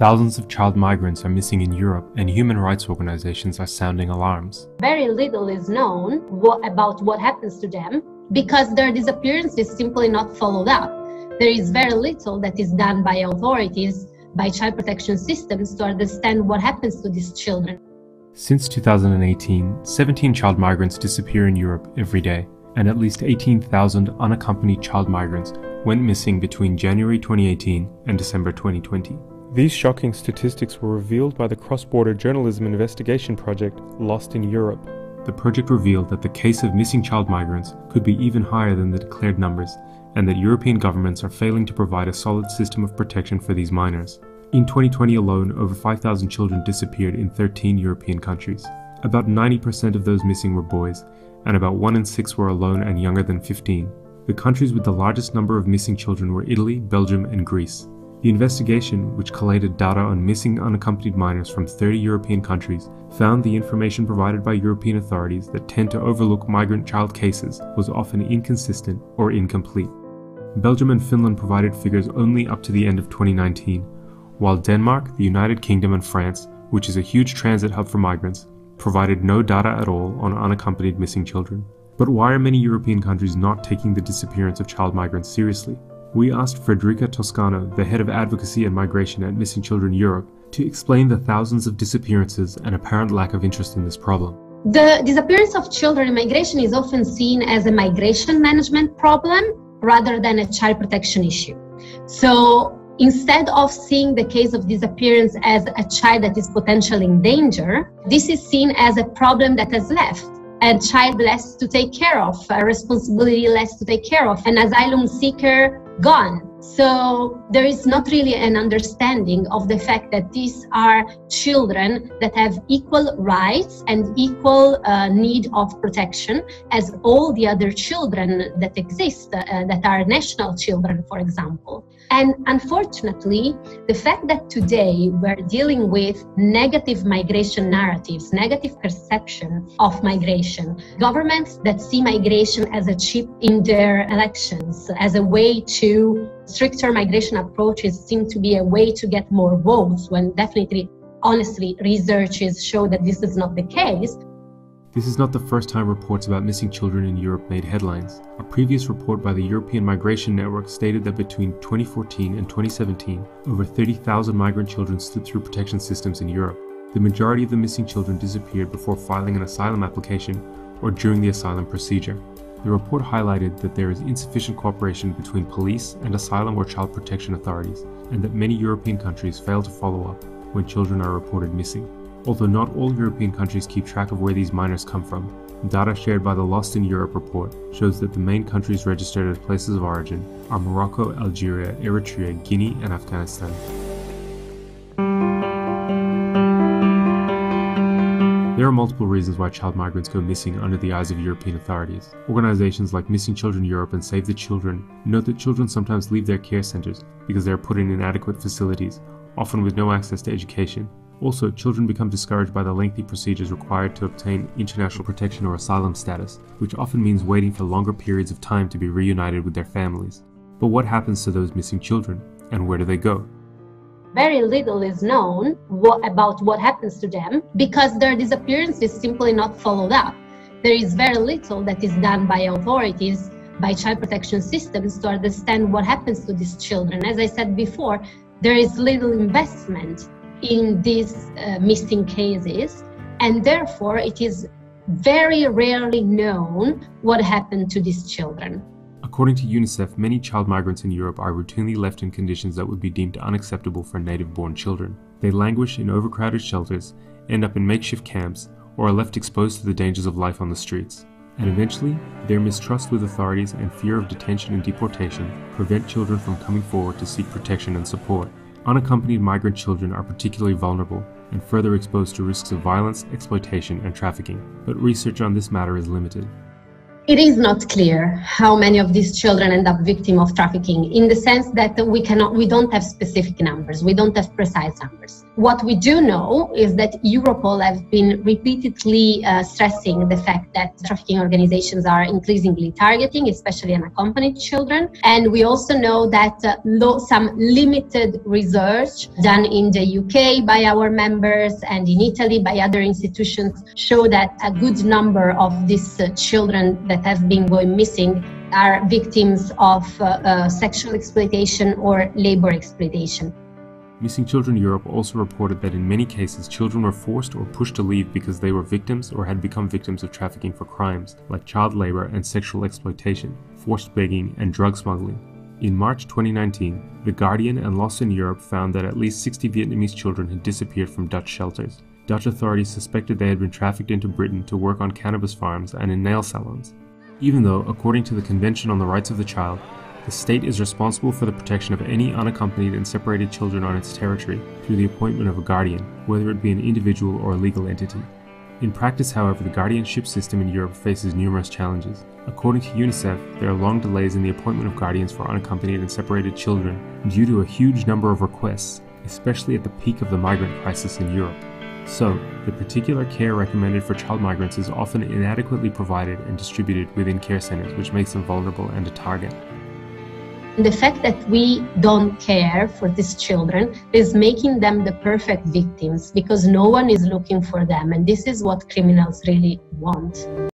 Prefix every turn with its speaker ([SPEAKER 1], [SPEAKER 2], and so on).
[SPEAKER 1] Thousands of child migrants are missing in Europe and human rights organizations are sounding alarms.
[SPEAKER 2] Very little is known what, about what happens to them because their disappearance is simply not followed up. There is very little that is done by authorities, by child protection systems to understand what happens to these children.
[SPEAKER 1] Since 2018, 17 child migrants disappear in Europe every day, and at least 18,000 unaccompanied child migrants went missing between January 2018 and December 2020. These shocking statistics were revealed by the cross border journalism investigation project Lost in Europe. The project revealed that the case of missing child migrants could be even higher than the declared numbers, and that European governments are failing to provide a solid system of protection for these minors. In 2020 alone, over 5,000 children disappeared in 13 European countries. About 90% of those missing were boys, and about 1 in 6 were alone and younger than 15. The countries with the largest number of missing children were Italy, Belgium, and Greece. The investigation, which collated data on missing unaccompanied minors from 30 European countries, found the information provided by European authorities that tend to overlook migrant child cases was often inconsistent or incomplete. Belgium and Finland provided figures only up to the end of 2019, while Denmark, the United Kingdom, and France, which is a huge transit hub for migrants, provided no data at all on unaccompanied missing children. But why are many European countries not taking the disappearance of child migrants seriously? we asked Frederica Toscano, the head of advocacy and migration at Missing Children Europe, to explain the thousands of disappearances and apparent lack of interest in this problem.
[SPEAKER 2] The disappearance of children in migration is often seen as a migration management problem rather than a child protection issue. So instead of seeing the case of disappearance as a child that is potentially in danger, this is seen as a problem that has left a child less to take care of, a responsibility less to take care of, an asylum seeker gone so there is not really an understanding of the fact that these are children that have equal rights and equal uh, need of protection as all the other children that exist, uh, that are national children, for example. And unfortunately, the fact that today we're dealing with negative migration narratives, negative perception of migration, governments that see migration as a chip in their elections, as a way to stricter migration approaches seem to be a way to get more votes when definitely, honestly, researches show that this is not the case.
[SPEAKER 1] This is not the first time reports about missing children in Europe made headlines. A previous report by the European Migration Network stated that between 2014 and 2017, over 30,000 migrant children slipped through protection systems in Europe. The majority of the missing children disappeared before filing an asylum application or during the asylum procedure the report highlighted that there is insufficient cooperation between police and asylum or child protection authorities, and that many European countries fail to follow up when children are reported missing. Although not all European countries keep track of where these minors come from, data shared by the Lost in Europe report shows that the main countries registered as places of origin are Morocco, Algeria, Eritrea, Guinea, and Afghanistan. are multiple reasons why child migrants go missing under the eyes of European authorities. Organizations like Missing Children Europe and Save the Children note that children sometimes leave their care centers because they are put in inadequate facilities, often with no access to education. Also, children become discouraged by the lengthy procedures required to obtain international protection or asylum status, which often means waiting for longer periods of time to be reunited with their families. But what happens to those missing children, and where do they go?
[SPEAKER 2] very little is known what, about what happens to them because their disappearance is simply not followed up. There is very little that is done by authorities, by child protection systems to understand what happens to these children. As I said before, there is little investment in these uh, missing cases, and therefore it is very rarely known what happened to these children.
[SPEAKER 1] According to UNICEF, many child migrants in Europe are routinely left in conditions that would be deemed unacceptable for native born children. They languish in overcrowded shelters, end up in makeshift camps, or are left exposed to the dangers of life on the streets. And eventually, their mistrust with authorities and fear of detention and deportation prevent children from coming forward to seek protection and support. Unaccompanied migrant children are particularly vulnerable and further exposed to risks of violence, exploitation, and trafficking, but research on this matter is limited.
[SPEAKER 2] It is not clear how many of these children end up victim of trafficking in the sense that we cannot we don't have specific numbers, we don't have precise numbers. What we do know is that Europol have been repeatedly uh, stressing the fact that trafficking organizations are increasingly targeting especially unaccompanied children and we also know that uh, some limited research done in the UK by our members and in Italy by other institutions show that a good number of these uh, children that that have been going missing are victims of uh, uh, sexual exploitation or labor exploitation.
[SPEAKER 1] Missing Children Europe also reported that in many cases, children were forced or pushed to leave because they were victims or had become victims of trafficking for crimes like child labor and sexual exploitation, forced begging, and drug smuggling. In March 2019, The Guardian and Lost in Europe found that at least 60 Vietnamese children had disappeared from Dutch shelters. Dutch authorities suspected they had been trafficked into Britain to work on cannabis farms and in nail salons even though, according to the Convention on the Rights of the Child, the state is responsible for the protection of any unaccompanied and separated children on its territory through the appointment of a guardian, whether it be an individual or a legal entity. In practice, however, the guardianship system in Europe faces numerous challenges. According to UNICEF, there are long delays in the appointment of guardians for unaccompanied and separated children due to a huge number of requests, especially at the peak of the migrant crisis in Europe. So, the particular care recommended for child migrants is often inadequately provided and distributed within care centers, which makes them vulnerable and a target.
[SPEAKER 2] the fact that we don't care for these children is making them the perfect victims because no one is looking for them, and this is what criminals really want.